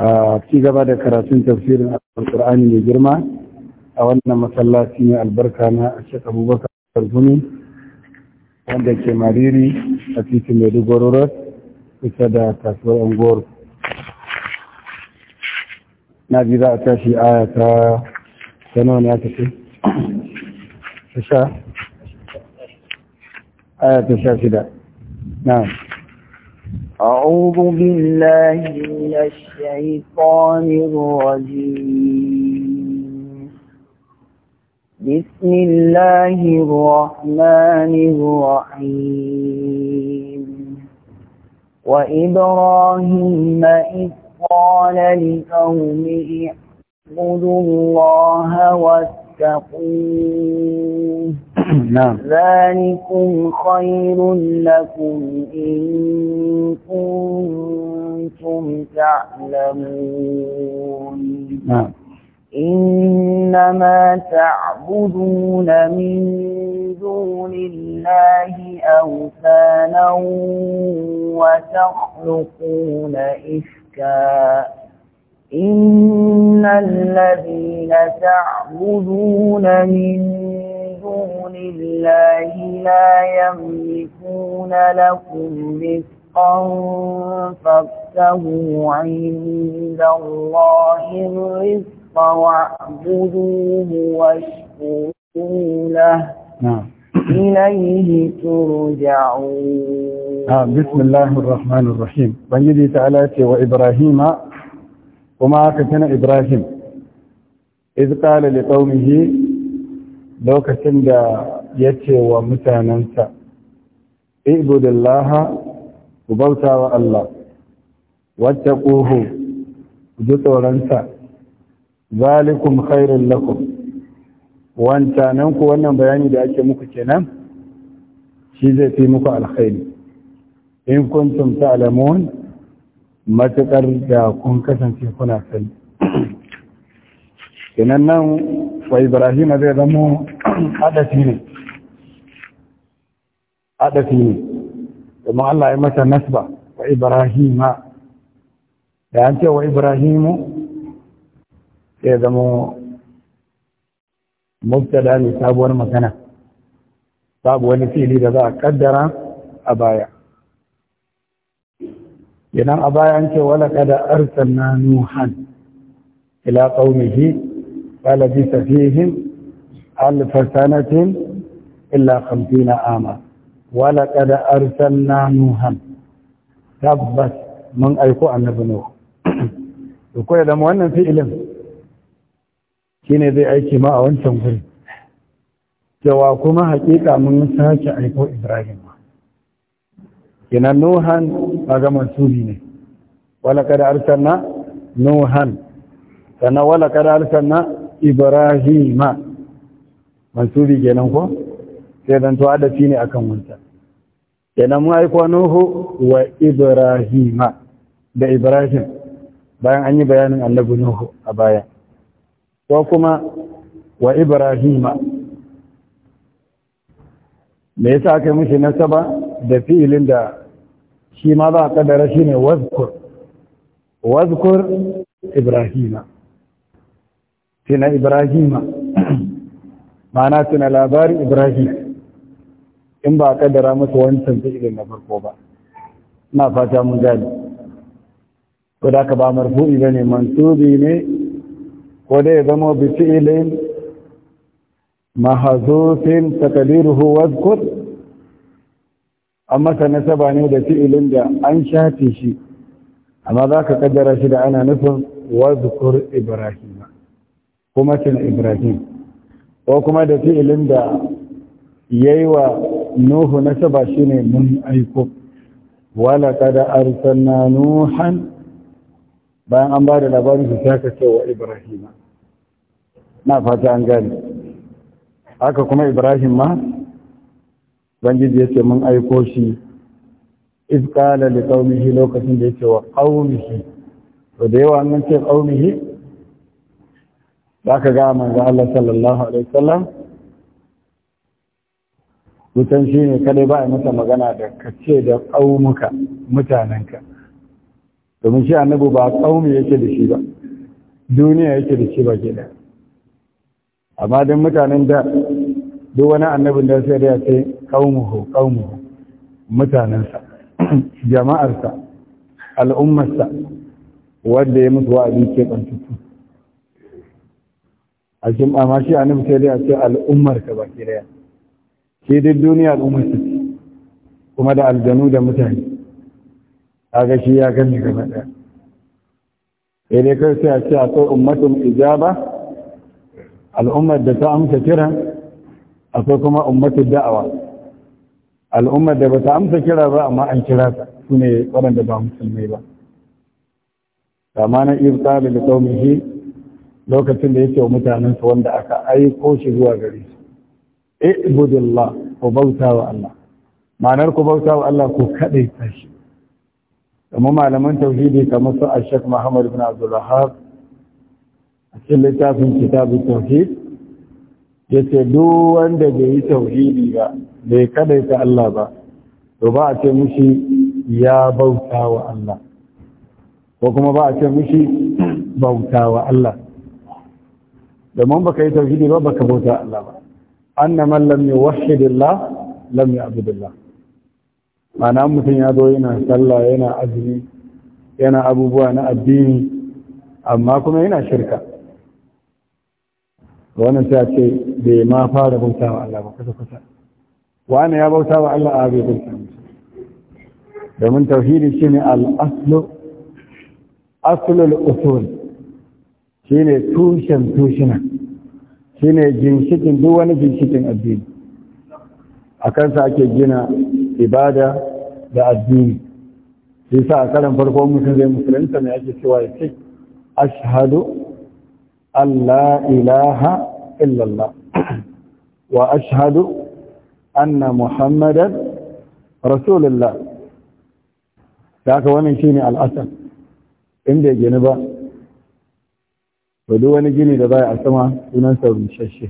a ci gaba da karatun tafsirin al-Qur'ani mai girma a wannan masallaci mai albarka na Sheikh Abubakar Gumi wanda ke Mariri a titin Maiduguri Road kusa da kasuwar Angor na ji za a tashi aya ta sanar ya tafi ta sha aya ta sha shida na'am أعوذ بالله من الشيطان الرجيم بسم الله الرحمن الرحيم وإبراهيم إذ قال لقومه اعبدوا الله واتقوه نعم ذلكم خير لكم إن كنتم تعلمون نعم إنما تعبدون من دون الله أوثانا وتخلقون إفكا إن الذين تعبدون من دون الله لا يملكون لكم رزقا فابتهوا عند الله الرزق واعبدوه واشكروا له نعم إليه ترجعون آه بسم الله الرحمن الرحيم بنجدي تعالى وإبراهيم وما كان إبراهيم إذ قال لقومه lokacin da ya ce wa mutanensa ibudillaha ku bauta wa Allah wata ƙuhu ji tsoronsa zalikum khairun lakum wancananku wannan bayani da ake muku kenan shi zai fi muku alkhairi in kun kuntum ta'lamun matuƙar da kun kasance kuna sani kenan nan وإبراهيم بيضمه أدتيني أدتيني ثم الله إمتى نسبة وإبراهيم لأنت وإبراهيم بيضمه مبتدا لساب ورمكنة ساب ونسيلي لذا قدر أبايا إذا أبايا أنت ولقد أرسلنا نوحا إلى قومه فلبث فيهم ألف سنة إلا خمسين عاما ولقد أرسلنا نوحا تبت من أيكو أن نوح يقول إذا مؤمن في zai aiki ma a wancan guri cewa kuma hakika mun sake aiko ibrahim kenan nuhan kaga mansubi ne wala kada arsalna nuhan sannan ibrahima mansuri kenan ko sai dan to adafi ne akan wanta kenan mu aiko nuhu wa ibrahima da ibrahim bayan an yi bayanin annabi nuhu a baya ko kuma wa ibrahima me yasa aka mushi nasaba da fi'ilin da shi ma za a kadara shine wazkur wazkur ibrahima Tina ibrahim ibrahima ma'ana tuna labarin ibrahim in ba a kaddara masa wancan fi'ilin na farko ba na fata mun gani ko da ka ba marfu'i ba ne mansubi ne ko da ya zama bi fi'ilin mahazufin takadiruhu wadkur an masa nasaba ne da fi'ilin da an shafe shi amma za ka kaddara shi da ana nufin wadkur ibrahim kuma na ibrahim ko kuma da fi'ilin da ya yi wa nuhu nasaba shi ne mun aiko wala kada arsalna nuhan bayan an bada labarin su ta kace wa ibrahim na fata an gani. haka kuma ibrahim ma bangiji ya ce mun aiko shi iz qala li qaumihi lokacin da yake wa qaumihi to da yawa an ce qaumihi za ka ga manzo Allah sallallahu alaihi wasallam mutan shi ne kadai ba a masa magana da kace da ƙaunuka mutanenka domin shi annabi ba ƙaumi yake da shi ba duniya yake da shi ba ke da amma don mutanen da duk wani annabin da sai da ya ce ƙaunuhu ƙaunuhu mutanensa jama'arsa al'ummarsa wanda ya mutu wa'azi ke ɓantattu a kin ma shi annabi sai dai a ce al'ummar ka baki daya shi duk duniya al'ummar ta kuma da aljanu da mutane kaga shi ya gani gaba daya sai dai kai sai a ce akwai ummatun ijaba al'ummar da ta amsa kira akwai kuma ummatin da'awa al'ummar da ba ta amsa kira ba amma an kira ta su ne waɗanda ba musulmai ba kama na irta da kaumihi lokacin da yake wa mutanensa wanda aka aiko shi zuwa gare su ibudillah ku bauta wa Allah manar ku bauta wa Allah ku kadai tashi kuma malaman tauhidi kamar su a Muhammad ibn Abdul Wahhab a cikin littafin Kitab Tauhid yace duk wanda bai yi tauhidi ba bai kadai ta Allah ba to ba a ce mushi ya bauta wa Allah ko kuma ba a ce mushi bauta wa Allah domin baka yi tauhidi ba baka bauta Allah ba Annaman lam yuwahhidillah lam yu'budillah ma'ana mutum ya zo yana sallah yana azumi yana abubuwa na addini amma kuma yana shirka wannan sai ce bai ma fara bauta wa Allah ba kusa kusa wani ya bauta wa Allah a bai bauta domin tauhidi shine al-aslu aslul usul shine tushen tushina shine ginshikin duk wani ginshikin addini a kansa ake gina ibada da addini shi sa a karan farko mutum zai musulunta mai ake cewa ya ce ashadu Allah ilaha illallah wa ashhadu anna muhammadan rasulullah da haka wannan shine al'asar in bai gini ba to duk wani gini da baya a sama sunansa rushashe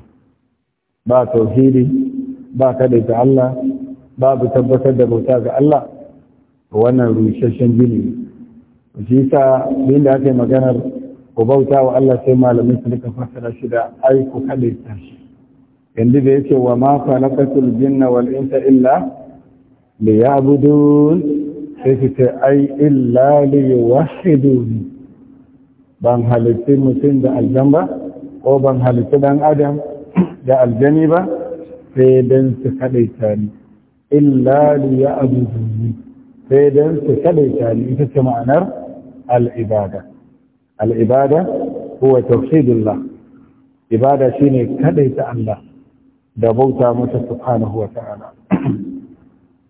ba tauhidi ba ga Allah babu tabbatar da bauta ga Allah wannan rushashen gini shi sa din da ake maganar ku bauta wa Allah sai malamai su duka fassara shi da ai ku ta. shi yanzu da yake wa ma khalaqatul jinna wal insa illa liya'budun sai ce ai illa liyuwahhidun ban halittu mutum da aljan ba ko ban halittu dan adam da aljani ba sai don su kaɗaita ni illa li ya abubuwa sai don su kaɗaita ni ita ce ma'anar al'ibada al'ibada huwa tauhidullah ibada shine kaɗaita Allah da bauta masa subhanahu wa ta'ala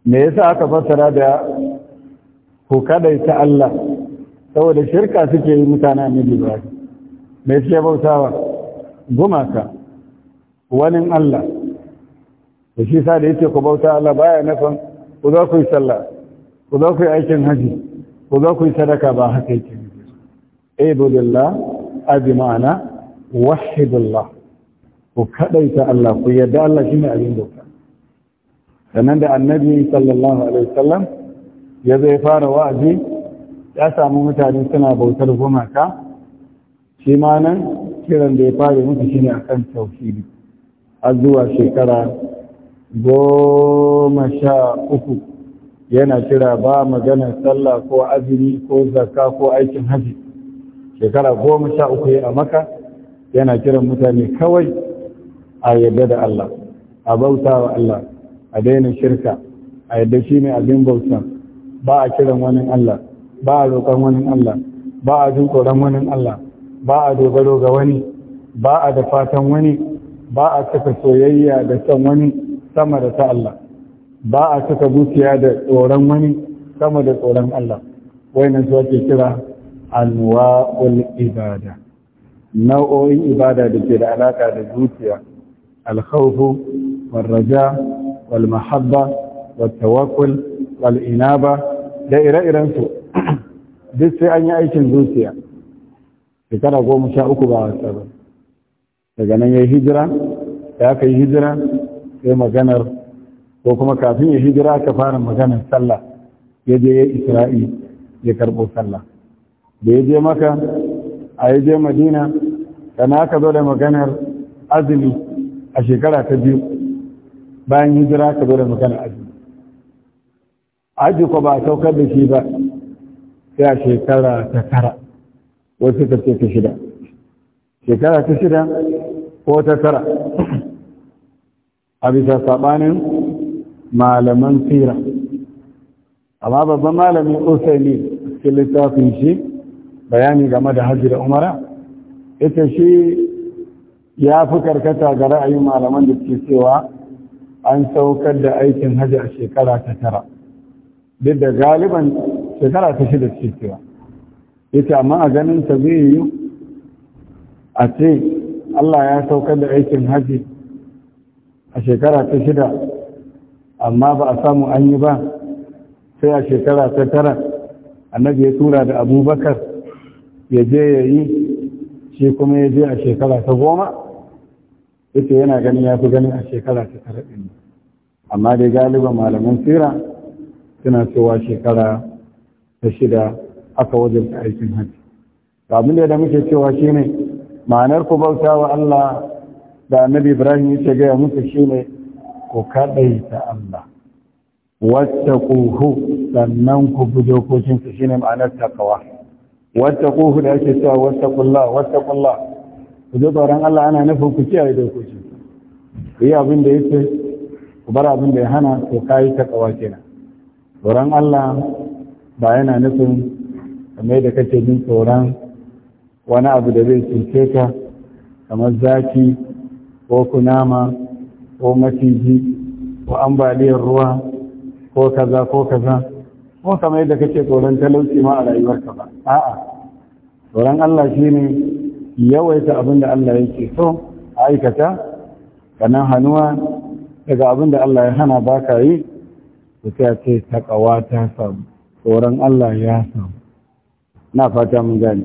me yasa aka fassara da ku kaɗaita Allah saboda shirka suke yi mutane annabi ibrahim mai suke bautawa gumaka wani allah da shi sa da yake ku bauta allah baya nufin ku za ku yi sallah ku za ku yi aikin haji ku za ku yi sadaka ba haka yake ibudillah abi ma'ana wahidullah ku kaɗaita allah ku yadda allah shine abin bauta sannan da annabi sallallahu alaihi wasallam ya zai fara wa'azi ya samu mutane suna bautar gumaka shi ma nan kiran da ya fara musu shine akan tausiri har zuwa shekara goma sha uku yana kira ba magana sallah ko azumi ko zakka ko aikin hajji shekara goma sha uku ya a maka yana kiran mutane kawai a yadda da Allah a bauta wa Allah a daina shirka a yadda shi ne abin bauta ba a kiran wani Allah ba a roƙon wani Allah ba a jin tsoron wani Allah ba a dogaro ga wani ba a da fatan wani ba a cika soyayya da son wani sama da ta Allah ba a cika dukiya da tsoron wani sama da tsoron Allah wayannan su ake kira anwa'ul ibada nau'o'in ibada da ke da alaka da zuciya alkhawfu warraja walmahabba والتوكل inaba da ire-irensu duk sai an yi aikin zuciya shekara goma sha uku ba wasa ba daga nan ya yi hijira ya aka yi hijira sai maganar ko kuma kafin ya hijira aka fara maganar sallah ya je ya isra'i ya karɓo sallah da ya je maka a ya je madina na aka zo da maganar azumi a shekara ta biyu bayan hijira aka zo da maganar azumi aji ko ba a saukar da shi ba sai shekara ta tara wasu ka ce ta shida shekara ta shida ko ta tara a bisa saɓanin malaman tsira amma babban malamin usaini cikin littafin shi bayani game da hajji da umara ita shi ya fi karkata ga ra'ayin malaman da ke cewa an saukar da aikin hajji a shekara ta tara duk da galiban shekara ta shida ce cewa yace amma a ganin ta zai yi a ce Allah ya saukar da aikin haji a shekara ta shida amma ba a samu an yi ba sai a shekara ta tara annabi ya tura da abubakar ya je ya yi shi kuma ya je a shekara ta goma ce yana ganin ya fi ganin a shekara ta tara ɗin amma dai galiba malaman tsira suna cewa shekara da shida aka wajen aikin hajji abin da muke cewa shine ma'anar ku bauta wa Allah da annabi Ibrahim yake gaya musu shine ku ta Allah wattaquhu sannan ku bi dokokin su shine ma'anar takawa wattaquhu da ake cewa wattaqullah wattaqullah ku ji tsoron Allah ana nufin ku kiyaye dokokin ku yi abin da yake ku bar abin da ya hana ku kai takawa kenan tsoron Allah ba yana nufin kamar da kake jin tsoron wani abu da zai cuce ka kamar zaki ko kunama ko maciji ko ambaliyar ruwa ko kaza ko kaza ko kamar da kake tsoron talauci ma a rayuwarka ba a'a tsoron Allah shine yawaita abin da Allah yake so a aikata kanan hannuwa daga abin da Allah ya hana baka yi su ce ta kawata samu tsoron Allah ya samu na fata mun gani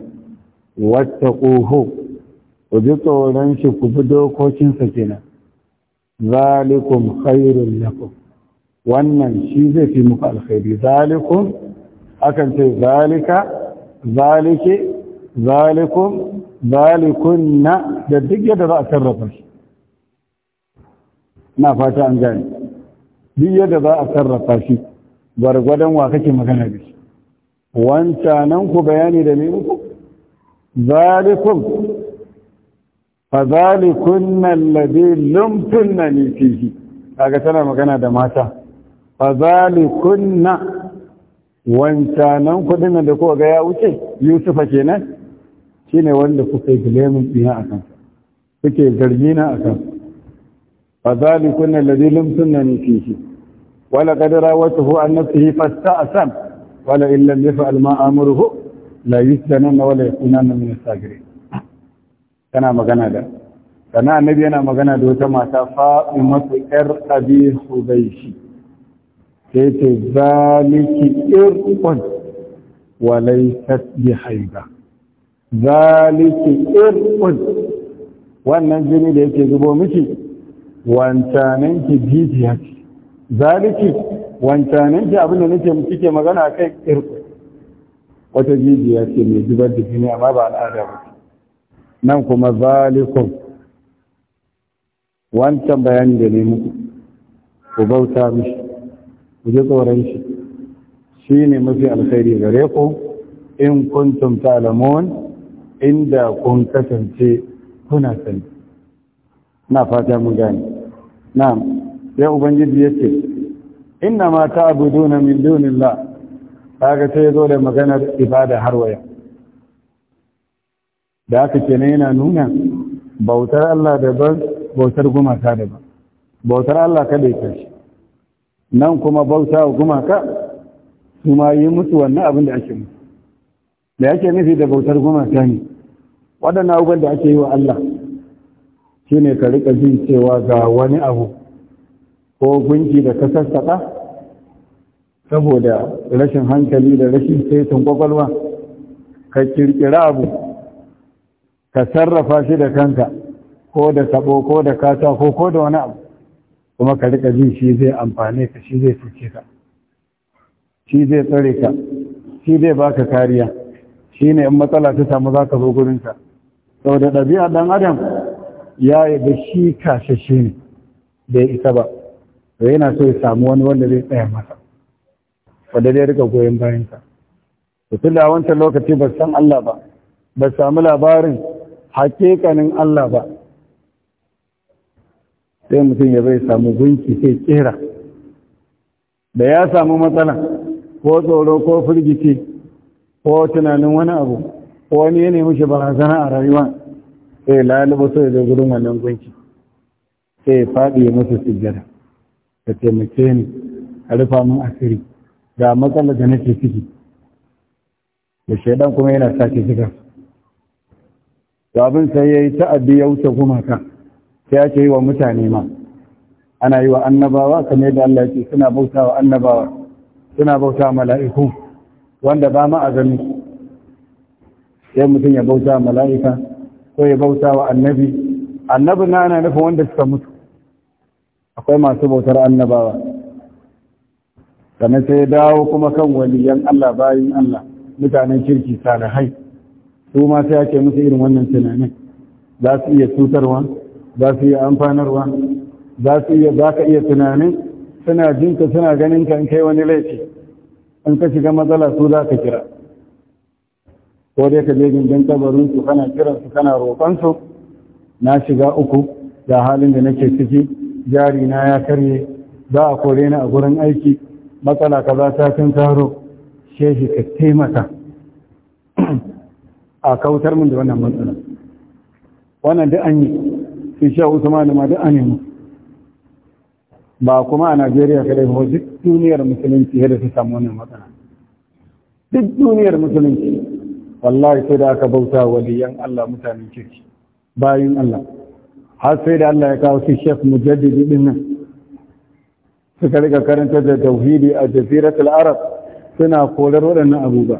wata ƙuhu ku ji tsoron shi ku bi dokokinsa kenan zalikum khairun lakum wannan shi zai fi muku alkhairi zalikum akan ce zalika zalike zalikum na? da duk yadda za a sarrafa shi na fata an gani duk yadda za a sarrafa shi gwargwadon wa kake magana da shi nan ku bayani da ne muku zalikum fa zalikunna alladhi lumtunna ni fihi kaga tana magana da mata fa wanta nan ku dinnan da kowa ga ya wuce yusufa kenan shine wanda kuka yi bilemin biya a kan kuke gargina a kan fa zalikunna alladhi lumtunna ni fihi wala illan عن نفسه فاستأثم ولئن لم يفعل ما أمره wala ya ولا يكونن من الساجرين tana magana da sana annabi yana magana da wata mata Fatimatu yar Abi Hubayshi sai ce zaliki irqun wa laysat bihayba zaliki irqun wannan jini da yake zubo miki wancanan ki jijiya ce zaliki wancanin ki abin da nake kike magana kai irku wata jijiya ce mai zubar da jini amma ba al'ada ba nan kuma zalikum wancan bayanin da ne muku ku bauta mishi ku ji tsoron shi shi ne mafi alkhairi gare ku in kuntum ta'lamun inda kun kasance kuna sani na fata mun gane na'am ya ubangiji ya ce inna ma ta'buduna min dunillah kaga sai zo da maganar ibada har waya da haka ne yana nuna bautar Allah daban bautar gumaka daban bautar Allah kada ya kashi nan kuma bauta wa gumaka su ma yi musu wannan abin da ake musu da yake nufi da bautar gumaka ne waɗannan abubuwan da ake yi wa Allah shine ka riƙa jin cewa ga wani abu ko gunki da ta sassaƙa saboda rashin hankali da rashin saitin ƙwaƙwalwa, ka ƙirƙira abu ka sarrafa shi da kanka ko da sabo ko da katako ko da wani abu kuma ka rika jin shi zai amfane ka shi zai cuce ka shi zai tsare ka shi zai baka kariya shi ne in matsala ta samu za ka zo gurinka saboda ɗabi'a ɗan adam ya yi da shi shi ne bai isa ba to yana so ya samu wani wanda zai tsaya masa wanda zai rika goyon bayansa to tun da wancan lokaci ba san Allah ba ba samu labarin hakikanin Allah ba sai mutum ya bai samu gunki sai kera da ya samu matsala ko tsoro ko firgici ko tunanin wani abu ko wani ya nemi shi barazana a rayuwa sai lalibu sai da gurin wannan gunki sai faɗi musu sujjada ka taimake ni ka rufa min asiri ga matsalar da nake ciki da shaidan kuma yana sake shiga to abin sai ya yi ta'addi ya wuce gumaka sai ake yi wa mutane ma ana yi wa annabawa kamar yadda Allah ya ce suna bauta wa annabawa suna bauta mala'iku wanda ba ma a gani sai mutum ya bauta mala'ika ko ya bauta wa annabi annabi na ana nufin wanda suka mutu akwai masu bautar annabawa sannan sai dawo kuma kan waliyan Allah bayin Allah mutanen kirki salihai su ma sai ake musu irin wannan tunanin za su iya cutarwa za su iya amfanarwa za su iya za ka iya tunanin suna jinka suna ganin ka in kai wani laifi in ka shiga matsala su za ka kira ko dai ka je gindin kabarin su kana kiran su kana roƙon na shiga uku da halin da nake ciki jari na ya karye za a kore ni a gurin aiki matsala ka za ta tun taro shehi ka taimaka a kautar min da wannan matsala wannan duk an yi sun sha usman ma duk an yi mu ba kuma a najeriya ka ba duk duniyar musulunci yadda su samu wannan matsala duk duniyar musulunci wallahi sai da aka bauta waliyan allah mutanen kirki bayan allah har sai da Allah ya kawo su Sheikh Mujaddidi din nan suka rika karanta da tauhidi a jaziratul arab suna korar waɗannan abubuwa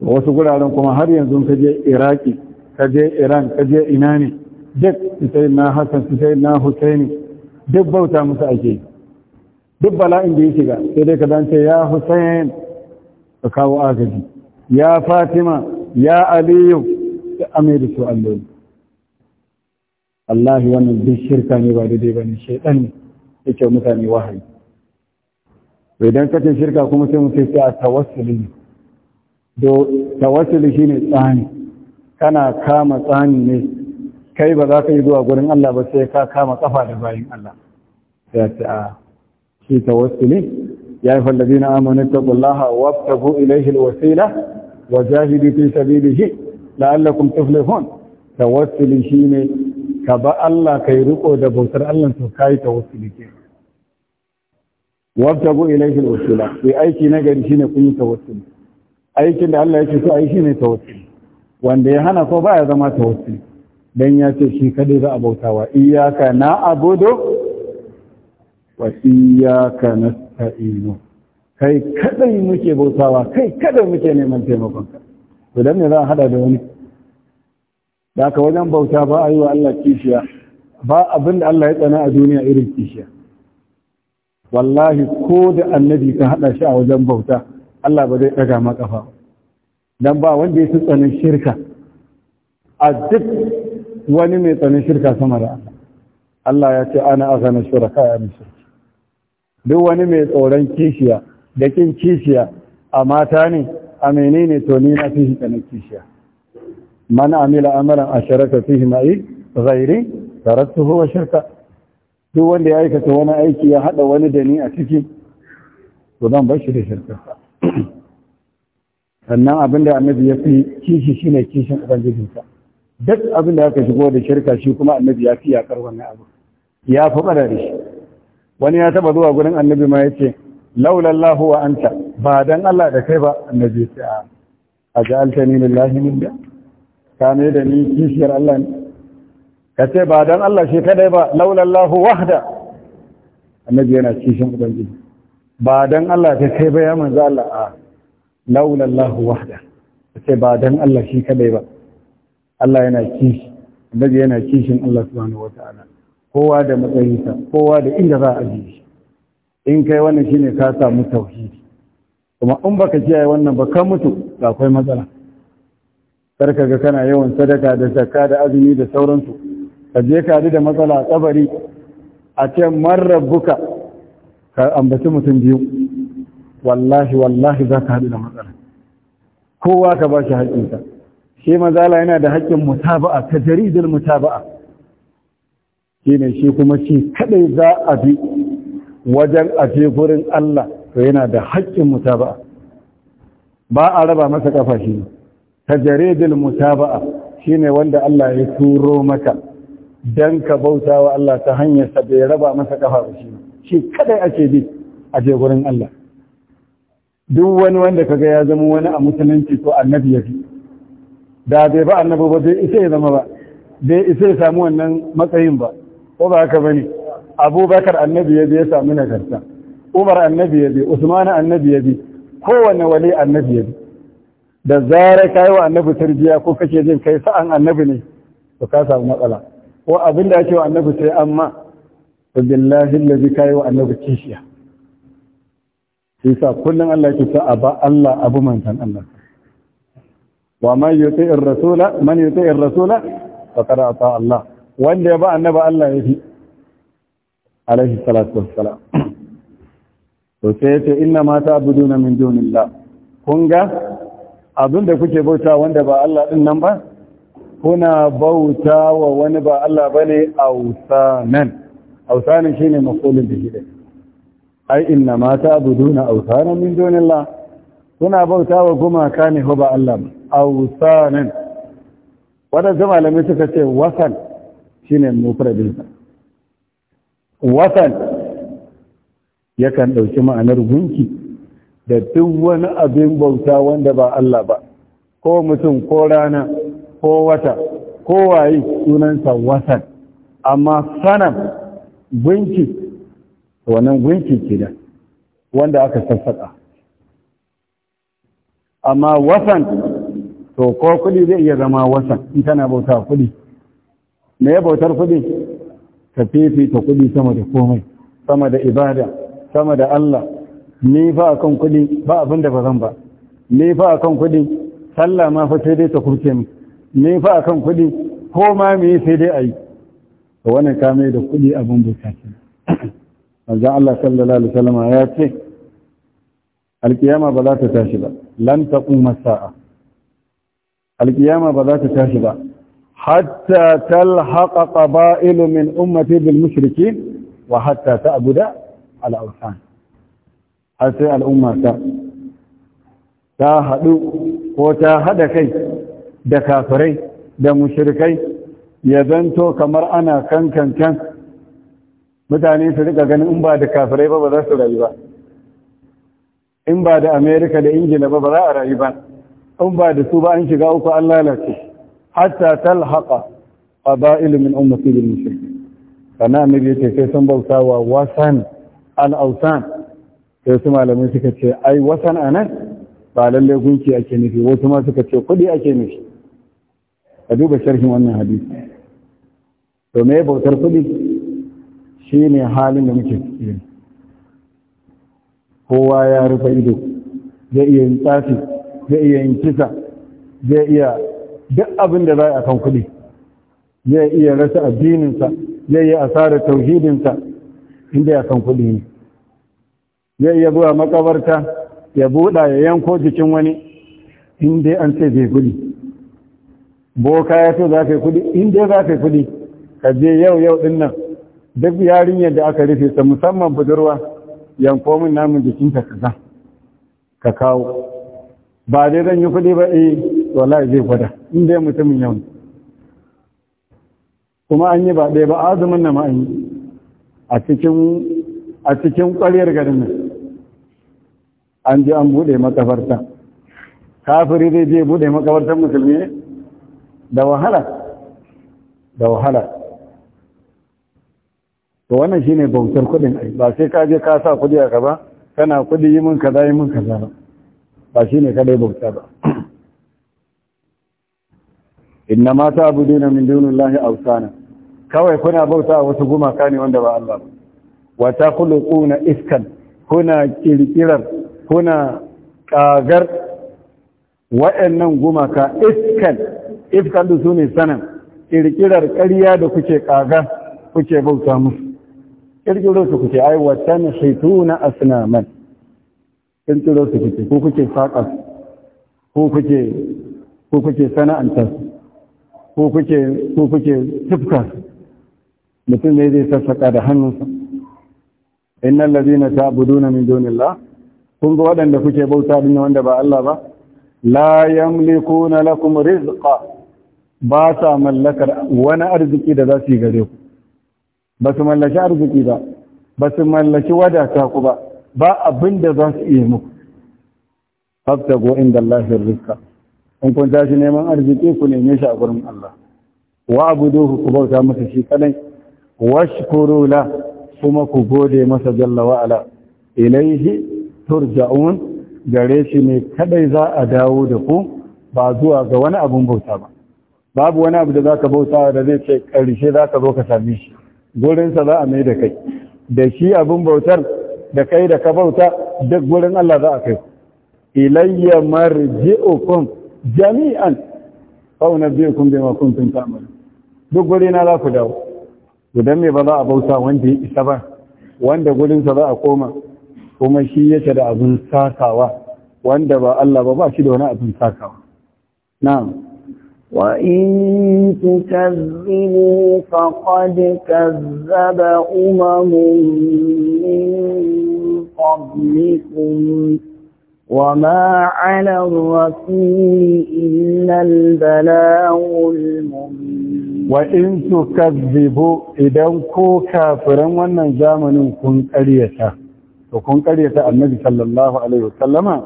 wasu guraren kuma har yanzu ka je iraki ka je iran ka je ina ne duk sai na hassan sai na husaini duk bauta musu ake duk bala'in da ya shiga sai dai ka dance ya husain ka kawo agaji ya fatima ya aliyu da amai da su alloli Allah wannan duk shirka ne ba daidai ba ne shaidan ne yake mutane wahayi bai don ce shirka kuma sai mu sai a tawassuli ne do tawassuli shine tsani kana kama tsani ne kai ba za ka yi zuwa gurin Allah ba sai ka kama kafa da bayan Allah ya ce a shi tawassuli ya yi fallabi na fallabina amanu taqullaha wabtagu ilayhi alwasila wajahidu fi sabilihi la'allakum tuflihun tawassuli shine ka ba Allah kai riko da bautar Allah to kai tawassuli ke wabtagu ilayhi al wasula. sai aiki na gari shine kun yi tawassuli aikin da Allah yake so ai shine tawassuli wanda ya hana ko baya zama tawassuli dan ya ce shi kadai za a bautawa iyyaka na'budu wa iyyaka nasta'inu kai kadai muke bautawa kai kadai muke neman taimakon ka to dan me za a hada da wani da aka wajen bauta ba a yi wa Allah kishiya ba abin Allah ya tsana a duniya irin kishiya wallahi ko da annabi ka haɗa shi a wajen bauta Allah ba zai ɗaga ma ƙafa ba wanda ya fi tsanin shirka a duk wani mai tsanin shirka sama da Allah Allah ya ce ana aka na shuraka ya mi shirka. duk wani mai tsoron kishiya da kin kishiya a mata ne a menene to ni na fi tsanin kishiya man amila amalan asharaka fihi ma'i ghairi taraktuhu wa shirka duk wanda ya aikata wani aiki ya hada wani da ni a ciki to zan bar shi da shirka sannan abin da annabi ya fi kishi shine kishin ubangijinsa duk abin da aka shigo da shirka shi kuma annabi ya fi yakar wannan abu ya fi bada wani ya taba zuwa gurin annabi ma ya ce laulallahu wa anta ba dan Allah da kai ba annabi ya sai a ajaltani lillahi min da ka da ni kishiyar Allah ne ka ce ba don Allah shi kadai ba laulallahu wahda annabi yana kishin ubangiji ba don Allah ta kai ba ya manzo Allah a laulallahu wahda ka ce ba don Allah shi kadai ba Allah yana kishi annabi yana kishin Allah subhanahu wataala kowa da matsayinsa kowa da inda za a ji shi in kai wannan shine ka samu tauhidi kuma in baka kiyaye wannan ba ka mutu akwai matsala Karka ka ga kana yawan sadaka da zakka da azumi da sauransu ka je ka da matsala a tsabari a ce man rabbuka ka ambaci mutum biyu wallahi wallahi za ka haɗu da matsala kowa ka ba shi haƙƙinsa shi mazala yana da haƙƙin mutaba'a ta jaridar mutaba'a shi ne shi kuma shi kaɗai za a bi wajen a je gurin Allah to yana da haƙƙin mutaba'a ba a raba masa ƙafa shi ne ta jaridil mutaba'a shine wanda Allah ya turo maka dan ka bauta wa Allah ta hanyar sa bai raba masa kafa ba shi shi kadai ake bi a je gurin Allah duk wani wanda kaga ya zama wani a musulunci to annabi ya bi? da bai ba annabi ba bai isa ya zama ba bai isa ya samu wannan matsayin ba ko ba haka bane abubakar annabi ya bi ya samu nagarta umar annabi ya bi usman annabi ya bi kowanne wali annabi ya bi da zarar ka yi wa annabi tarbiya ko kake jin kai sa'an annabi ne to ka samu matsala ko abin da ake wa annabi sai amma to billahi allazi ka yi wa annabi kishiya shi kullum Allah ke sa ba Allah abu manzan Allah wa man yuti'ir rasula man yuti'ir rasula faqad ata Allah wanda ya ba annabi Allah yafi alaihi salatu wassalam to sai ya ce inna ma ta'buduna min dunillah kun ga abin da kuke bauta wanda ba Allah din nan ba kuna bauta wa wani ba Allah bane ausanan ausanan shine ne bihi da ai inna ma ta'buduna ausanan min dunillah kuna bauta wa gumaka ne ba Allah ba ausanan zama malamai suka ce wasan shine mufradinsa wasan yakan dauki ma'anar gunki da duk wani abin bauta wanda ba Allah ba ko mutum ko rana ko wata ko waye sunansa wasan, amma sanan gunki wannan gunki da wanda aka sassaka amma wasan to ko kudi zai iya zama wasan, in kana bauta kudi me ya bautar kudi ka fifita kudi sama da komai sama da ibada sama da Allah ni fa akan kuɗi ba abin da ba zan ba ni fa akan kuɗi sallah ma fa sai dai ta kurce ni? ni fa akan kuɗi ko ma me sai dai ayi to wannan ka mai da kuɗi abin bukata manzon Allah sallallahu alaihi wasallam ya ce alkiyama ba za ta tashi ba lan taquma sa'a alkiyama ba za ta tashi ba hatta talhaqa qaba'il min ummati bil mushrikin wa hatta ta'buda al-awthan har sai al'ummata ta haɗu ko ta haɗa kai da kafirai da mushirikai ya zanto kamar ana kankankan mutane su rika ganin in ba da kafirai ba ba za su rayu ba in ba da amerika da ingila ba ba za a rayu ba in ba da su ba an shiga uku an lalace hatta talhaqa qaba'il min ummati bil mushrik kana ne yake sai sun bautawa wasan al-awsan sai su malamai suka ce ai wasan anan ba lalle gunki ake nufi wasu ma suka ce kuɗi ake nufi a duba sharhin wannan hadisi to me bautar kuɗi shine halin da muke ciki kowa ya rufe ido zai iya yin tsafi zai iya yin kisa zai iya duk abin da za a kan kuɗi zai iya rasa addininsa zai iya asarar tauhidinsa inda ya kan kuɗi ne ya iya zuwa makabarta ya buɗa ya yanko jikin wani inda an ce zai kuɗi boka ya so za ka yi kuɗi inda za ka yi kuɗi ka je yau yau ɗin nan duk yarinyar da aka rufe ta musamman budurwa yanko min namun jikinta kaza ka kawo ba dai zan yi kuɗi ba eh wallahi zai gwada inda mutumin yau kuma an yi ba ɗaya ba azumin na ma'ayi a cikin ƙwariyar garin nan an ji an buɗe makabarta kafiri zai je buɗe makabartar musulmi ne da wahala da wahala to wannan shine bautar kuɗin ai ba sai ka je ka sa kudi a gaba kana kudi yi min kaza yi min kaza ba ba shine kadai bauta ba inna ma ta'buduna min dunillahi awsana kawai kuna bauta wasu gumaka ne wanda ba Allah ba wa takhluquna iskan kuna kirkirar kuna ƙagar waɗannan gumaka iskan iskan da su ne sanan ƙirƙirar ƙarya da kuke ƙagar kuke bauta musu Ƙirƙirar su kuke ai watan shaitu na asinaman ƙirƙirar su kuke ko kuke saƙa ko kuke ko kuke sana'anta su ko kuke ko kuke tufka su mutum ne zai sassaƙa da hannunsa ta ladina ta'buduna min dunillah kun ga waɗanda kuke bauta din wanda ba Allah ba la na lakum rizqa ba sa mallakar wani arziki da za su yi gare ku ba su mallaki arziki ba ba su mallaki wadata ku ba ba abin da za su iya muku go inda Allah rizqa in kun tashi neman arziki ku neme shi a gurin Allah wa abuduhu ku bauta masa shi kadai washkuru la kuma ku gode masa jalla wa ala ilaihi turja'un gare shi ne kadai za a dawo da ku ba zuwa ga wani abun bauta ba babu wani abu da zaka bauta da zai ce karshe zaka zo ka same shi gurinsa za a mai da kai da shi abin bautar da kai da ka bauta duk gurin Allah za a kai ilayya marji'ukum jami'an aw nabiyukum bima kuntum ta'malun duk gurin za ku dawo idan me ba za a bauta wanda ya isa ba wanda gurinsa za a koma kuma shi yake da abin sakawa wanda ba Allah ba ba shi da wani abin sakawa. Na. Wa in tu faqad kazzaba umamun qablikum wa ma 'ala rasuli illa al Wa in tu idan ko kafiran wannan zamanin kun ƙaryata to kun karyata annabi sallallahu alaihi wasallama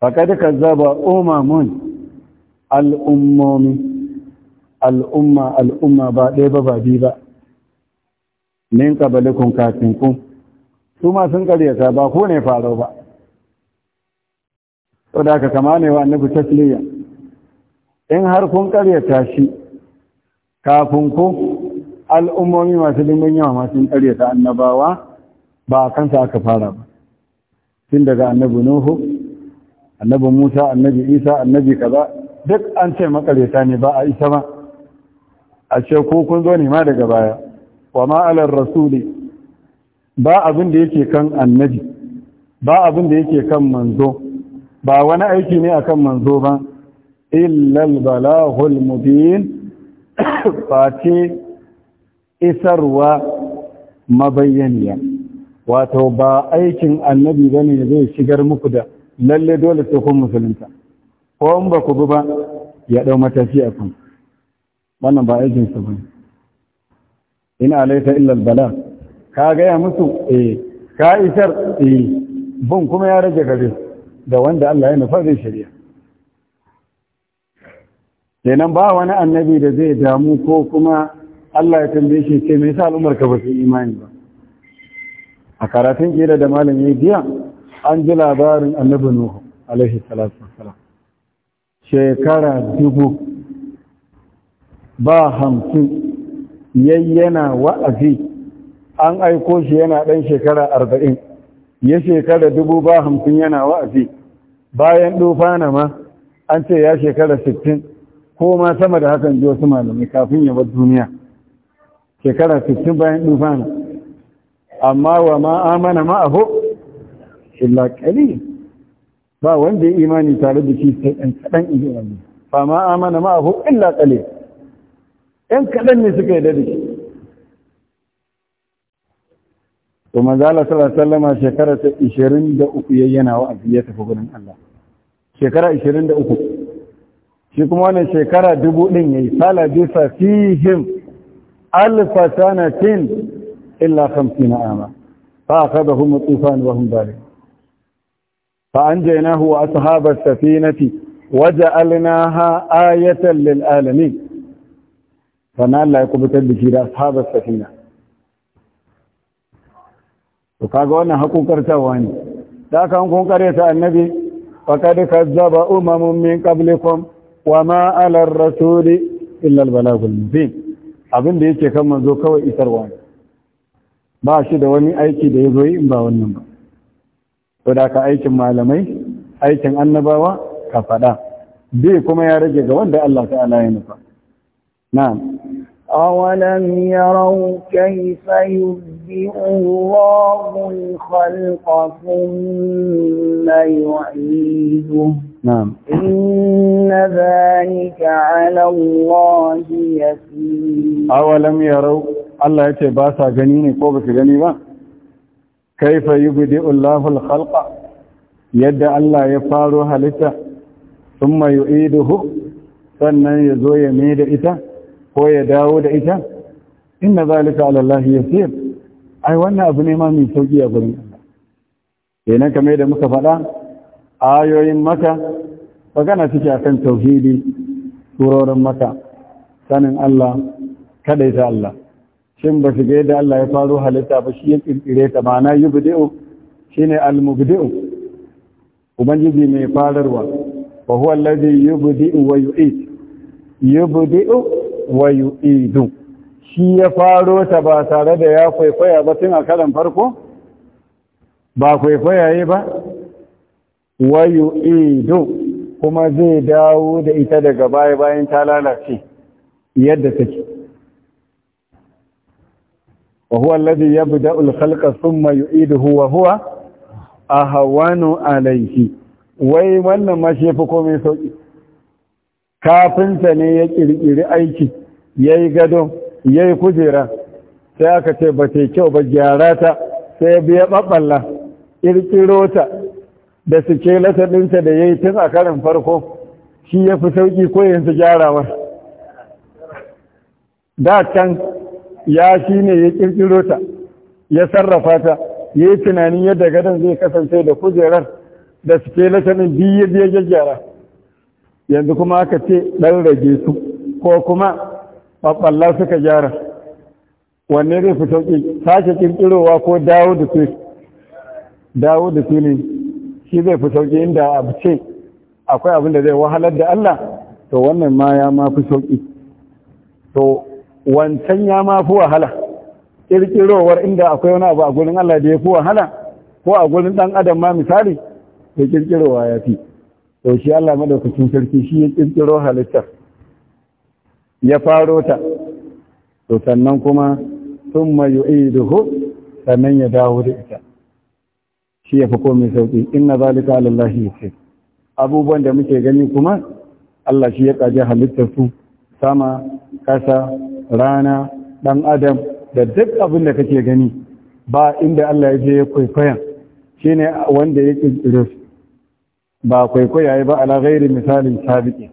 faqad kazzaba umamun al'ummomi al'umma al'umma ba ɗaya ba ba biyu ba min qablikum kafin ku su ma sun karyata ba ko ne faro ba to da ka kama ne wa annabi tasliya in har kun karyata shi kafin ku al'ummomi masu dimbin yawa masu karyata annabawa ba a kansa aka fara ba tun daga annabi nuhu annabi musa annabi isa annabi kaza duk an ce makareta ne ba a isa ba a ce ko kun zo ne ma daga baya wa ma'alar rasuli ba abin da yake kan annabi ba abin da yake kan manzo ba wani aiki ne akan manzo ba illal balahul mubin face isarwa mabayyaniya wato ba aikin annabi bane zai shigar muku da lalle dole sai kun musulunta ko in ba ku bi ba ya dau matafi a kan wannan ba aikin su bane in alaita illa albala ka ga ya musu eh ka isar eh bun kuma ya rage gare da wanda Allah ya nufa zai shari'a kenan ba wani annabi da zai damu ko kuma Allah ya tambaye shi ce me yasa al'ummar ka ba su imani ba a karatun ƙila da malam ya biya an ji labarin annabi nuhu alaihi salatu wassalam shekara dubu ba hamsin yayyana wa'azi an aiko shi yana ɗan shekara arba'in ya shekara dubu ba hamsin yana wa'azi bayan na ma an ce ya shekara sittin ko ma sama da hakan ji wasu malami kafin ya bar duniya shekara sittin bayan na. amma wa ma amana ma'ahu illa qalil ba wanda ya imani tare da shi sai ɗan kaɗan iya wani ba ma amana ma'ahu illa qalil ɗan kaɗan ne suka yi da shi to manzala sallallahu alaihi wasallam shekara ta 23 yayyana wa ya tafi gurin Allah shekara 23 shi kuma wannan shekara dubu din yayi sala bi fihim alfa sanatin إلا خمسين عاما فأخذهم الطوفان وهم ذلك فأنجيناه وأصحاب السفينة وجعلناها آية للعالمين فنال لا يقبت بشير أصحاب السفينة وكاغا وانا حقوقر تواني ذاك أنكم قرية النبي فقد كذب أمم من قبلكم وما على الرسول إلا البلاغ المبين abin da yake kan manzo kawai isarwa ne ba shi da wani aiki da ya zo yi in ba wannan ba to da aikin malamai aikin annabawa ka faɗa bi kuma ya rage ga wanda Allah ta'ala ya nufa na'am أولم يروا كيف يبدئ الله الخلق ثم يعيده نعم إن ذلك على الله يسير أولم يروا Allah ya ce ba sa gani ne ko ba su gani ba kaifa gudi Allahul khalqa yadda Allah ya faro halitta thumma hu. sannan ya zo ya mai da ita ko ya dawo da ita inna zalika alallahi ya yasir ai wannan abu ne ma mai sauki a gurin Allah kenan kamar da muka faɗa ayoyin maka magana a akan tauhidi surorin maka sanin Allah kadaita Allah shin ba su ga yadda Allah ya faro halitta ba shi ya kirkire ta ma'ana shi ne al-mubdi'u ubangiji mai fararwa ba huwa yi bude'u wa yi bude'u wa idu shi ya faro ta ba tare da ya kwaikwaya ba tun a karan farko ba kwaikwaya yi ba wa idu kuma zai dawo da ita daga baya bayan ta lalace yadda take wa huwa alladhi yabda'u al-khalqa thumma yu'iduhu wa huwa ahwanu alayhi wai wannan ma fi komai sauki kafinta ne ya ƙirƙiri aiki yayi gado yayi kujera sai aka ce ba ta kyau ba gyara ta sai ya biya babballa kirkiro ta da suke lata ɗinta da yayi tun a karin farko shi ya fi sauƙi ko yanzu gyarawar da can ya shi ne ya kirkiro ta ya sarrafa ta ya yi tunanin yadda gadon zai kasance da kujerar da suke latanin biyu ya gyaggyara yanzu kuma aka ce ɗan rage su ko kuma ɓaɓɓalla suka gyara wanne zai fi sauƙi sake ƙirƙirowa ko dawo da su dawo da su shi zai fi sauƙi inda abu ce akwai abin da zai wahalar da Allah to wannan ma ya ma fi sauƙi to wancan ya ma fi wahala ƙirƙirowar inda akwai wani abu a gurin Allah da ya fi wahala ko a gurin ɗan adam ma misali da ƙirƙirowa ya fi to shi Allah madaukakin sarki shi ya ƙirƙiro halittar ya faro ta to sannan kuma da hu, sannan ya dawo da ita shi ya fi komai sauƙi zalika alallahi ce abubuwan da muke gani kuma Allah shi ya kaje halittar su sama kasa rana ɗan adam da duk abin da kake gani ba inda Allah ya je ya kwaikwaya shi wanda ya ƙirƙiro ba kwaikwaya ba ala ghairi misalin sabiƙi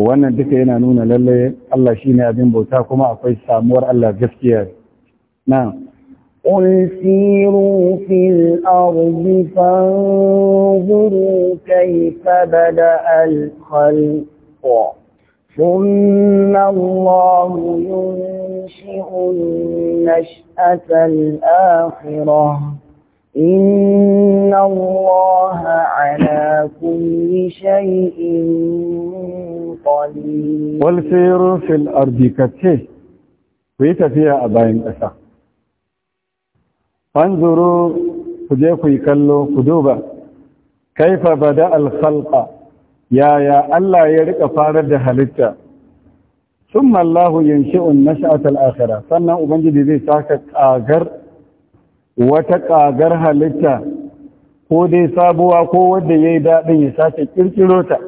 wannan duka yana nuna lalle Allah shine abin bauta kuma akwai samuwar Allah gaskiya na قل سيروا في الأرض فانظروا كيف بدأ الخلق ثم الله ينشئ النشأة الآخرة إن الله على كل شيء قدير والسير في الأرض كتير كويت فيها أباين أسا فانظروا كجيكو يكلوا كدوبا كيف بدأ الخلق yaya Allah ya rika farar da halitta ثم shi’un ينشئ nasha'atar الآخرة sannan ubangiji zai saka kagar wata kagar halitta ko dai sabuwa ko wanda yayi dadin ya sake kirkiro ta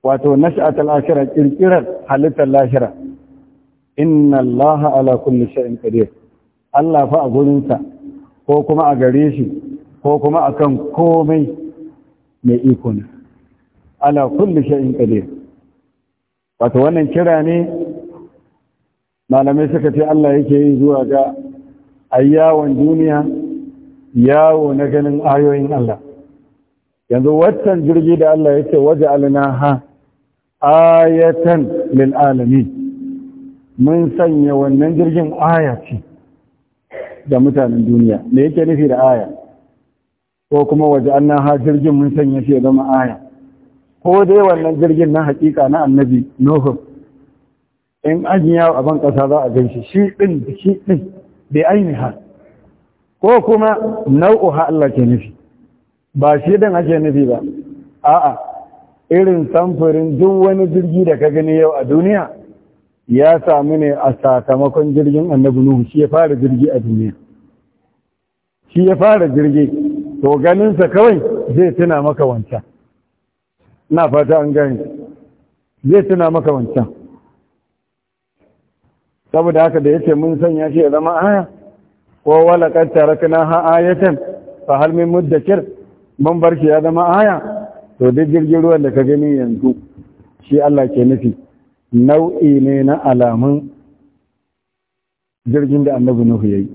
wato nash'at al-akhirah kirkirar halittar lahira inna Allah ala kulli shay'in qadir Allah fa a gurin sa ko kuma a gare shi ko kuma kan komai mai iko ne ala kulli shay'in qadir wato wannan kira ne malamai suka ce Allah yake yi zuwa ga ayyawan duniya yawo na ganin ayoyin Allah yanzu watan jirgi da Allah yake waje ha ayatan lil alamin mun sanya wannan jirgin aya ce mutanen duniya me yake nufi da aya ko kuma waje annaha jirgin mun sanya shi ya zama aya ko dai wannan jirgin na hakika na annabi nuhu in ajiya a ban kasa za a gan shi shi din shi din bai ha ko kuma ha Allah ke nufi ba shi din ake nufi ba a'a irin samfurin duk wani jirgi da ka gani yau a duniya ya samu ne a sakamakon jirgin annabi nuhu shi ya fara jirgi a duniya shi ya fara jirgi to ganinsa kawai zai tuna maka wancan na fata an gani zai tuna maka wancan saboda haka da yace mun sanya shi ya zama aya ko walaqad tarakna ha ayatan fa hal min mudakir mun bar shi ya zama aya to duk jirgin ruwan da ka gani yanzu shi Allah ke nufi nau'i ne na alamun jirgin da annabi Nuhu yayi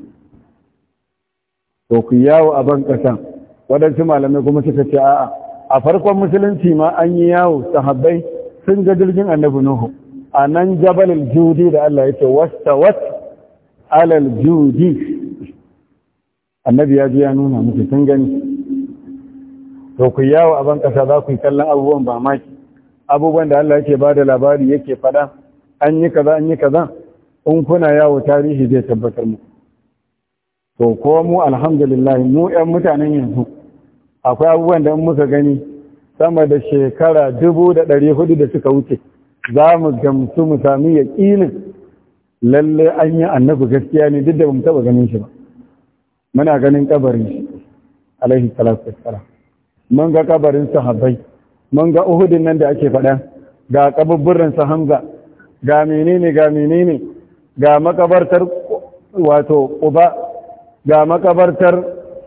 to ku yawo a ban kasa wadansu malamai kuma suka ce a'a a farkon musulunci ma an yi yawo sahabbai sun ga jirgin annabi nuhu a nan jabalin judi da Allah ya ce wasta wat alal judi annabi ya ji ya nuna musu sun gani to ku yawo a ban kasa za ku yi kallon abubuwan ba maki abubuwan da Allah yake ba da labari yake faɗa an yi kaza an yi kaza in kuna yawo tarihi zai tabbatar mu to ko mu alhamdulillah mu 'yan mutanen yanzu akwai abubuwan da muka gani sama da shekara dubu da ɗari hudu da suka wuce za mu gamsu mu sami yaƙinin lalle an yi annabi gaskiya ne duk da ba mu taɓa ganin shi ba muna ganin kabarin shi alaihi salatu wassalam mun ga kabarin sahabbai mun ga uhudin nan da ake faɗa ga kabubburan sa hamza ga menene ga menene ga makabartar wato uba ga makabartar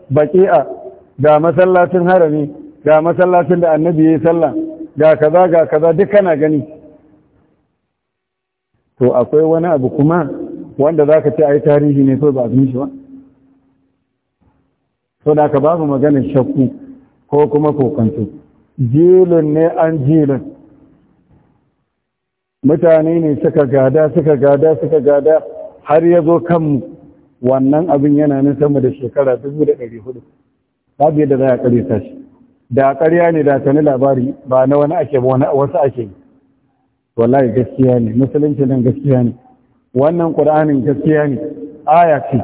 baki'a ga masallacin harami ga masallacin da annabi ya yi sallah ga kaza ga kaza duk kana gani to akwai wani abu kuma wanda za ka ce a yi tarihi ne so ba a shi ba so da ka mu maganin shakku ko kuma kokanto jilin ne an jilin mutane ne suka gada suka gada suka gada har ya zo kanmu wannan abin yana nan sama da shekara 1400 babu yadda za a ƙaryata shi da ƙarya ne da tani labari ba na wani ake ba wani wasu ake wallahi gaskiya ne musulunci nan gaskiya ne wannan qur'anin gaskiya ne aya ce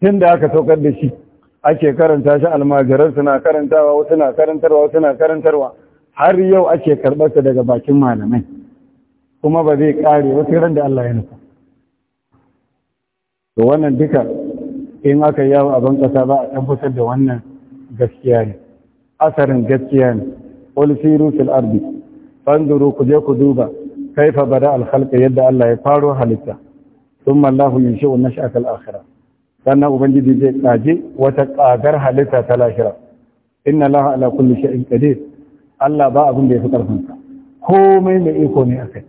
tun da aka saukar da shi ake karanta shi almajiran suna karantawa wasu na karantarwa wasu na karantarwa har yau ake karɓarsa daga bakin malamai kuma ba zai kare wasu ran da Allah ya nufa to wannan duka in aka yawo a ban ƙasa ba a tabbatar da wannan gaskiya ne asarin gaskiya ne ulsiru fil ardi fanzuru ku je ku duba kaifa bada al khalqa yadda Allah ya faro halitta thumma Allahu yunshi'u nash'ata al akhirah sannan ubangiji zai kaje wata kagar halitta ta lahira inna laha ala kulli shay'in qadir Allah ba abin da yafi karfin sa komai mai iko ne akai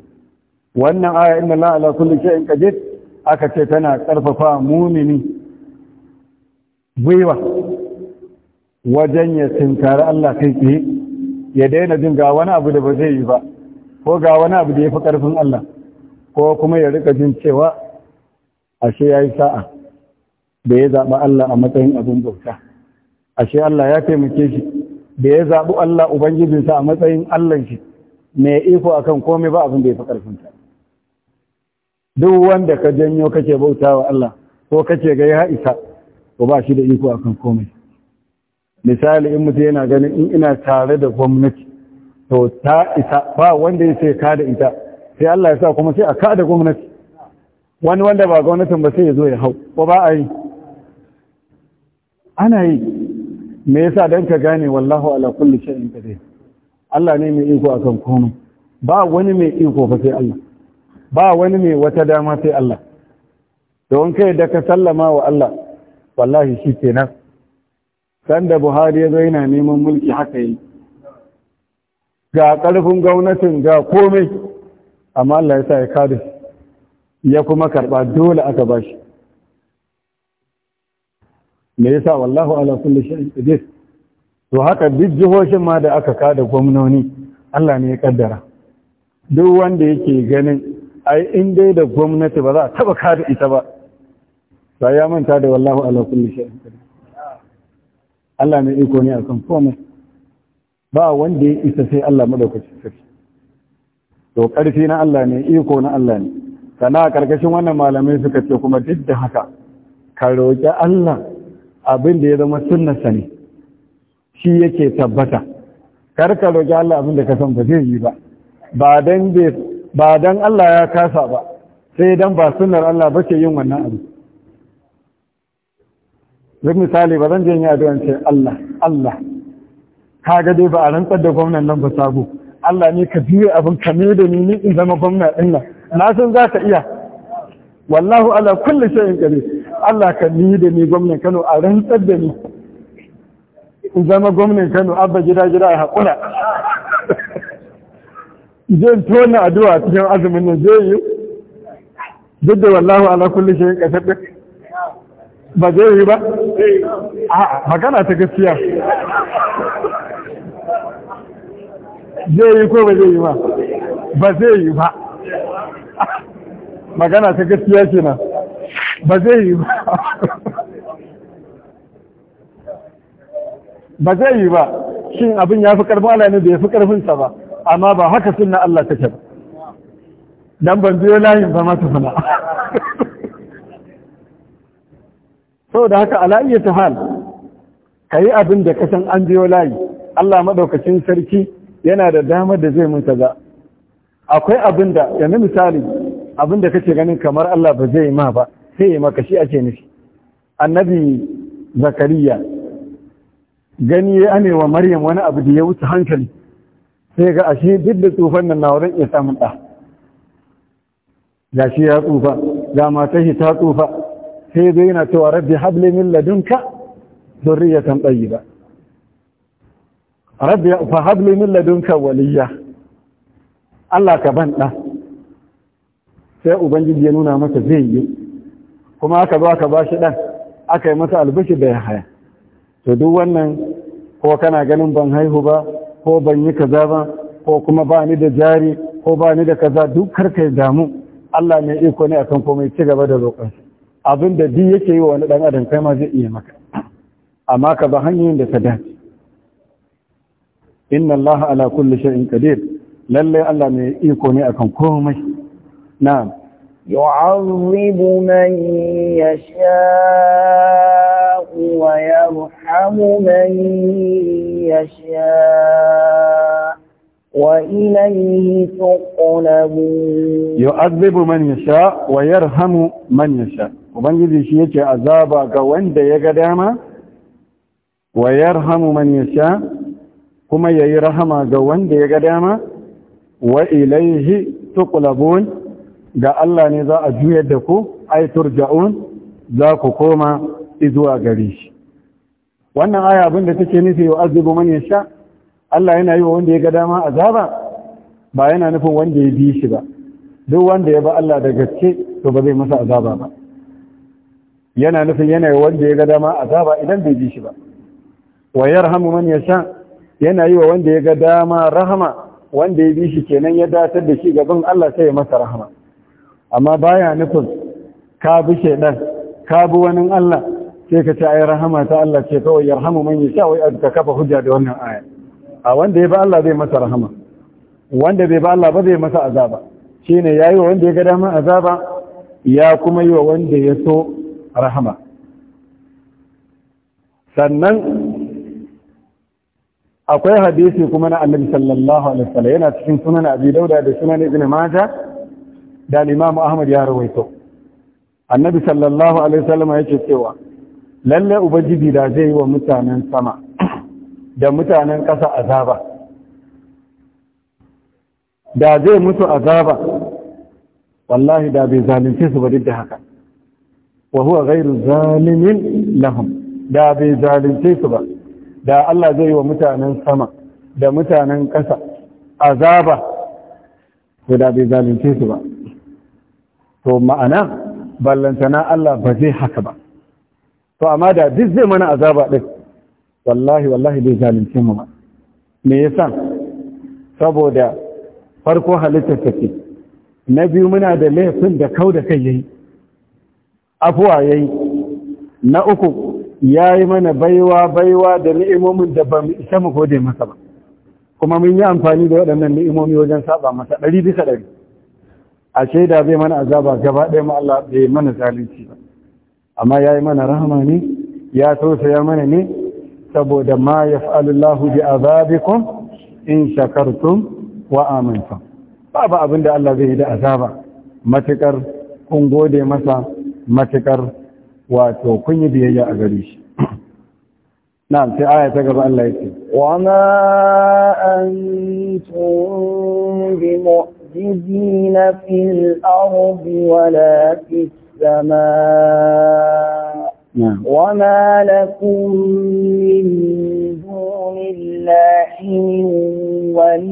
wannan aya inna laha ala kulli shay'in qadir aka ce tana karfafa mumini gwiwa wajen ya tunkari Allah kai tsaye ya daina jin ga wani abu da ba zai yi ba ko ga wani abu da ya fi ƙarfin Allah ko kuma ya rika jin cewa ashe ya yi sa'a da ya zaɓi Allah a matsayin abin bauta ashe Allah ya taimake shi da ya zaɓi Allah Ubangijinsa a matsayin Allah shi mai iko akan komai ba abin da ya fi ta duk wanda ka janyo kake bautawa Allah ko kake ga ya isa ko ba shi da iko akan komai misali in mutu yana ganin in ina tare da gwamnati to ta isa ba wanda ya sai ka da ita sai Allah ya sa kuma sai a ka da gwamnati wani wanda ba gwamnatin ba sai ya zo ya hau ko ba a yi ana yi me yasa dan ka gane wallahu ala kulli shay'in qadir Allah ne mai iko akan komai ba wani mai iko fa sai Allah ba wani mai wata dama sai Allah don kai da ka sallama wa Allah wallahi shi kenan sanda buhari ya zai na neman mulki haka yi ga ƙarfin gwamnatin ga komai amma Allah ya sa ya kada ya kuma karɓa dole aka ba shi me yasa wallahu ala kulli shay'in qadir to haka duk jihohin ma da aka kada gwamnoni Allah ne ya kaddara duk wanda yake ganin ai in dai da gwamnati ba za a taba kada ita ba ba ya manta da wallahu ala kulli shay'in qadir Allah mai iko ne a kan komai ba wanda ya isa sai Allah madaukakin sarki to ƙarfi na Allah ne iko na Allah ne sana ƙarƙashin wannan malamai suka ce kuma duk da haka ka roƙi Allah abin da ya zama sunnarsa ne shi yake tabbata kar ka roƙi Allah abin da ka san ba zai yi ba ba dan Allah ya kasa ba sai dan ba sunnar Allah ba ce yin wannan abin duk misali ba zan je yi addu'a ce Allah Allah ka ga dai ba a rantsar da gwamnan nan ba sabo Allah ne ka biye abin ka me da ni ni in zama gwamna din nan na san za ka iya wallahu ala kulli shay'in kare Allah ka ni da ni gwamnan Kano a rantsar da ni in zama gwamnan Kano abba gida gida a hakura to tona addu'a cikin azumin nan zai yi duk da wallahu ala kulli shay'in kare ba zai yi ba a magana ta gaskiya zai yi ko ba zai yi ba ba zai yi ba magana ta gaskiya ke nan ba zai yi ba ba zai yi ba shi abin ya fi karfin Allah da ya fi karfinsa ba amma ba haka suna Allah take ba don ban biyo layin ba ma ta fana da haka ala ta hal ka yi abin da ka san an biyo layi Allah maɗaukacin sarki yana da damar da zai mun kaza akwai abin da yanzu misali abin da kake ganin kamar Allah ba zai ma ba sai ya maka shi ake nufi annabi zakariya gani ya anewa maryam wani abu da ya wuce hankali sai ga ashe duk da tsufan nan na wurin ya samun ɗa ga shi ya tsufa ga sai ta tsufa sai zai yana cewa rabbi habli min ladunka zurriyatan tayyiba rabbi fa habli min ladunka waliya Allah ka ban da sai ubangiji ya nuna masa zai yi kuma aka zo aka bashi dan aka yi masa albishi da ya haya to duk wannan ko kana ganin ban haihu ba ko ban yi kaza ba ko kuma ba ni da jari ko ba ni da kaza duk karkai damu Allah mai iko ne akan komai ci gaba da roƙonsa abin da duk yake yi wa wani ɗan adam kai ma zai iya maka amma ka ba hanyoyin da ta dace inna Allah ala kulli shain qadir lalle Allah mai iko ne akan komai na'am يعظم من يشاء ويرحم من يشاء وإليه تقلبون man yasha يشاء ويرحم man yasha. ubangiji shi yake azaba ga wanda ya ga dama wa yarhamu man yasha kuma yayi rahama ga wanda ya ga dama wa ilaihi tuqlabun ga Allah ne za a juyar da ku ai turja'un za ku koma izuwa gari. shi wannan aya abin da take nufi wa azabu man yasha Allah yana yi wa wanda ya ga dama azaba ba yana nufin wanda ya bi shi ba duk wanda ya ba Allah da gaske to ba zai masa azaba ba yana nufin yana wanda ya ga dama azaba idan bai ji shi ba wa yarhamu man yasha yana yi wa wanda ya ga dama rahama wanda ya bi shi kenan ya datar da shi gaban Allah sai ya masa rahama amma baya nufin ka bi shedan ka bi wani Allah sai ka ce ai rahama ta Allah ce kawai yarhamu man yasha wai ka kafa hujja da wannan aya a wanda ya ba Allah zai masa rahama wanda bai ba Allah ba zai masa azaba shine yayi wa wanda ya ga dama azaba ya kuma yi wa wanda ya so rahama sannan akwai hadisi kuma na annabi sallallahu alaihi wasallam yana cikin sunan abi dauda da sunan ibn maja da imamu ahmad ya rawaito annabi sallallahu alaihi wasallam yake cewa lalle ubajiji da zai yi wa mutanen sama da mutanen ƙasa azaba da zai mutu azaba wallahi da bai zalunce su ba duk da haka wa huwa ghairu zalimin lahum da bai zalunce su ba da Allah zai yi wa mutanen sama da mutanen ƙasa azaba to da bai zalunce su ba to ma'ana ballantana Allah ba zai haka ba to amma da duk zai mana azaba din wallahi wallahi bai zalunce mu ba me yasa saboda farko halittar take na biyu muna da laifin da kau da kai yayi afuwa ya yi na uku ya yi mana baiwa baiwa da ni'imomin da ba mu isa mu gode masa ba kuma mun yi amfani da waɗannan ni'imomi wajen saba masa ɗari bisa ɗari a shaida zai mana azaba gaba ɗaya ma Allah bai mana zalunci ba amma ya yi mana rahama ne ya tausaya mana ne saboda ma ya yaf'alullahu bi azabikum in shakartum wa Ba ba abin da Allah zai yi da azaba matukar kun gode masa matakar wato kun yi biyayya a gare shi na'am sai aya ta gaba Allah yake wa ma antum bi mu'jizin fil ardi la fis samaa wa ma lakum min dunillahi من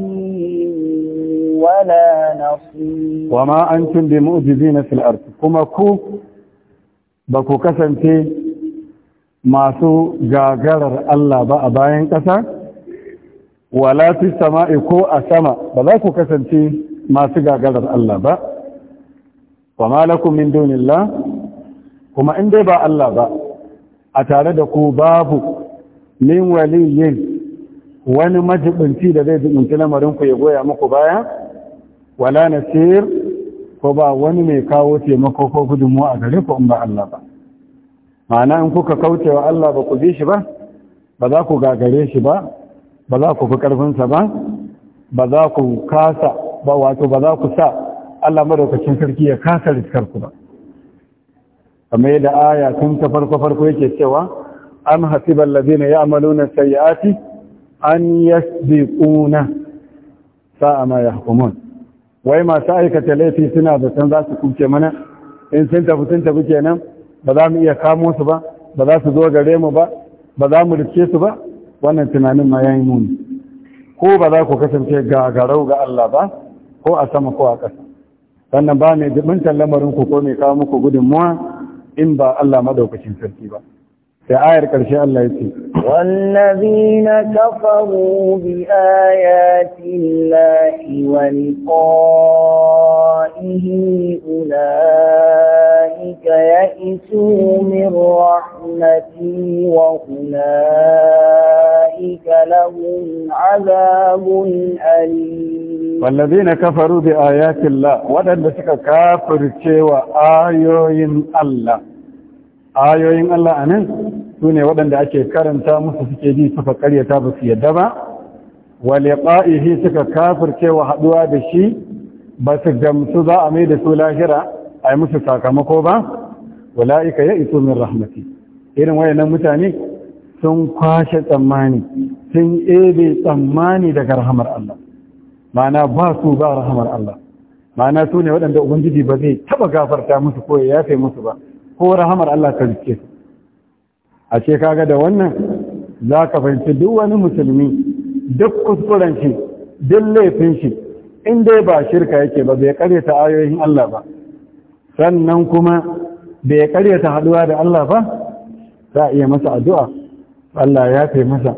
ولا نصير وما أنتم بمؤجزين في الأرض كما كو ba ku kasance masu gagarar Allah ba a bayan ƙasa wala fi sama'i ko a sama ba za ku kasance masu gagarar Allah ba ba malakun min dunillah kuma in dai ba Allah ba a tare da ku babu min waliyin wani majibinci da zai jibinci lamarinku ya goya muku baya wala nasir ko ba wani mai kawo taimako ko gudunmuwa a gare ku in ba Allah ba ma'ana in kuka kauce wa Allah ba ku bi shi ba ba za ku gagare shi ba ba za ku fi ƙarfinsa ba ba za ku kasa ba wato ba za ku sa Allah madaukakin sarki ya kasa ku ba kamar da aya tun ta farko farko yake cewa an hasiban ladina ya'maluna sayyi'ati an yasbiquna sa'a ma yahkumun wai masu aikata laifi suna zaton za su kuce mana in sun tafi sun tafi kenan ba za mu iya kamo su ba ba za su zo gare mu ba ba za mu rike su ba wannan tunanin ma yi muni ko ba za ku kasance ga garau ga Allah ba ko a sama ko a ƙasa sannan ba mai jibintar lamarin ku ko mai kawo muku gudunmuwa in ba Allah madaukakin sarki ba da ayar ƙarshe Allah ya ce wallazina kafaru bi ayati llahi wa liqa'ihi ulaika ya'isu min rahmati wa ulaika lahum azabun alim wallazina kafaru bi ayati wadanda suka kafirce wa ayoyin Allah ayoyin Allah a nan su ne waɗanda ake karanta musu suke ji suka karyata ba su yadda ba waliƙa'ihi suka kafircewa haɗuwa da shi ba su gamsu za a mai da su lahira a yi musu sakamako ba wala'ika ya iso min rahmati irin wayannan mutane sun kwashe tsammani sun ebe tsammani daga rahamar Allah ma'ana ba su ba rahamar Allah ma'ana su ne waɗanda ubangiji ba zai taɓa gafarta musu ko ya yafe musu ba ko rahamar Allah ta rike a ce kaga da wannan za ka fahimci duk wani musulmi duk kuskuren shi duk laifin shi in dai ba shirka yake ba bai ta ayoyin Allah ba sannan kuma bai ta haduwa da Allah ba za a iya masa addu'a Allah ya kai masa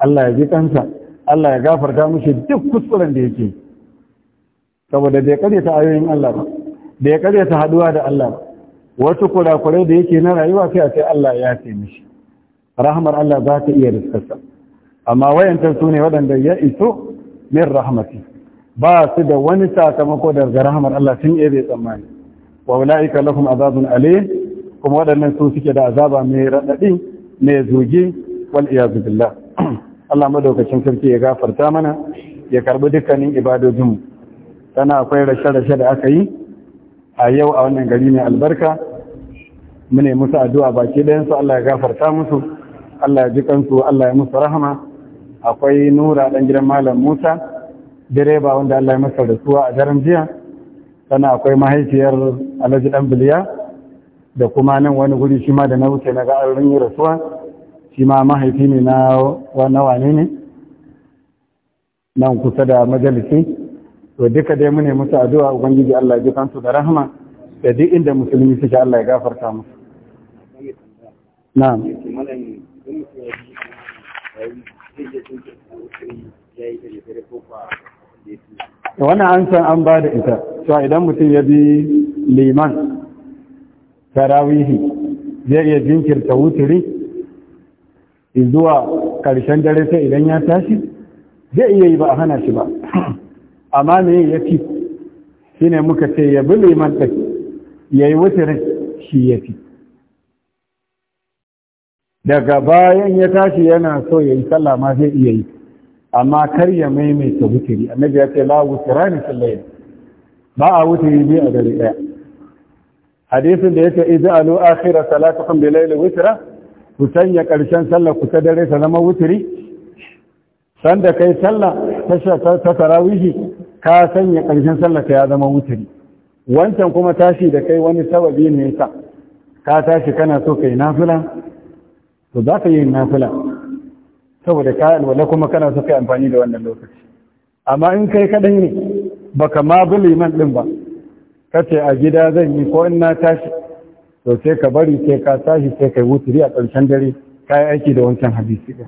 Allah ya ji kansa Allah ya gafarta mushi duk kuskuren da yake saboda bai ta ayoyin Allah ba bai ta haduwa da Allah ba wasu kurakurai da yake na rayuwa sai a sai Allah ya ce mishi rahmar Allah za ta iya riskarsa amma wayancan su ne waɗanda ya iso min rahmati ba su da wani sakamako daga rahmar Allah sun iya bai tsammani wa wula'ika lahum azabun alim kuma waɗannan su suke da azaba mai raɗaɗi mai zugi wal iyazu billah Allah madaukakin sarki ya gafarta mana ya karbi dukkanin ibadojinmu sana akwai rashe-rashe da aka yi a yau a wannan gari mai albarka mune musu addu'a baki ɗayansu Allah ya gafarta musu Allah ya ji kansu Allah ya musu rahama akwai nura ɗan gidan malam Musa direba wanda Allah ya masa rasuwa a daren jiya sannan akwai mahaifiyar Alhaji ɗan Biliya da kuma nan wani guri shi da na wuce na ga an yi rasuwa shi ma mahaifi ne na wane ne nan kusa da majalisi to duka dai mune musu addu'a ubangiji Allah ya ji kansu da rahama da duk inda musulmi suke Allah ya gafarta musu na'am wannan an san an bada da ita cewa idan mutum ya bi liman tarawihi zai iya jinkirta wuturi zuwa ƙarshen dare sai idan ya tashi zai iya yi ba a hana shi ba amma me ya fi shi ne muka ce ya bi man ɗaki. ya yi wutirin shi ya fi daga bayan ya tashi yana so ya yi sallah ma zai iya yi amma kar ya maimaita wutiri annabi ya ce la wutira ne sallaye ba a wuturi biyu a gari ɗaya hadisin da yake ij'alu akhira salatukum bi layli witra ku sanya karshen sallah ku ta dare ta zama wutiri sanda kai sallah ta ta ka sanya ƙarshen sallaka ka ya zama wuturi wancan kuma tashi da kai wani sababi ne yasa ka tashi kana so kai nafila to za ka yi nafila saboda ka alwala kuma kana so kai amfani da wannan lokaci amma in kai kaɗai ne baka ma bi liman ɗin ba Ka ce a gida zan yi ko in na tashi to sai ka bari sai ka tashi sai kai wuturi a ƙarshen dare ka yi aiki da wancan hadisi ɗin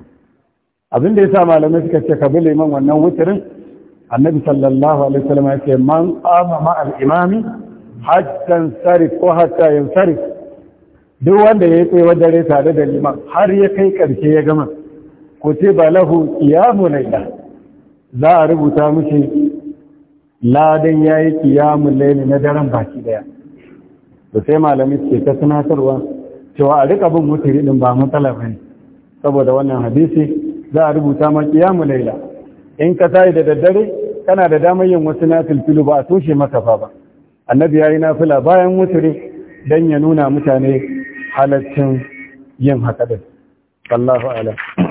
abin da ya sa malamai suka ce ka bi liman wannan wuturin annabi sallallahu alaihi wasallam ya ce man qama ma al imami hatta sarif ko hatta yansarif duk wanda ya tsaye wa dare tare da liman har ya kai karshe ya gama ko ce ba lahu qiyamu layla za a rubuta mishi ladan yayi qiyamu layla na daren baki daya to sai malami ce ta tunatarwa cewa a rika bin mutiri din ba matsala bane saboda wannan hadisi za a rubuta ma qiyamu layla in ka tayi da daddare kana da damar yin wasu nafilfilu ba a toshe maka fa ba annabi ya yi nafila bayan wuturi don ya nuna mutane halaccin yin haka din Allahu alam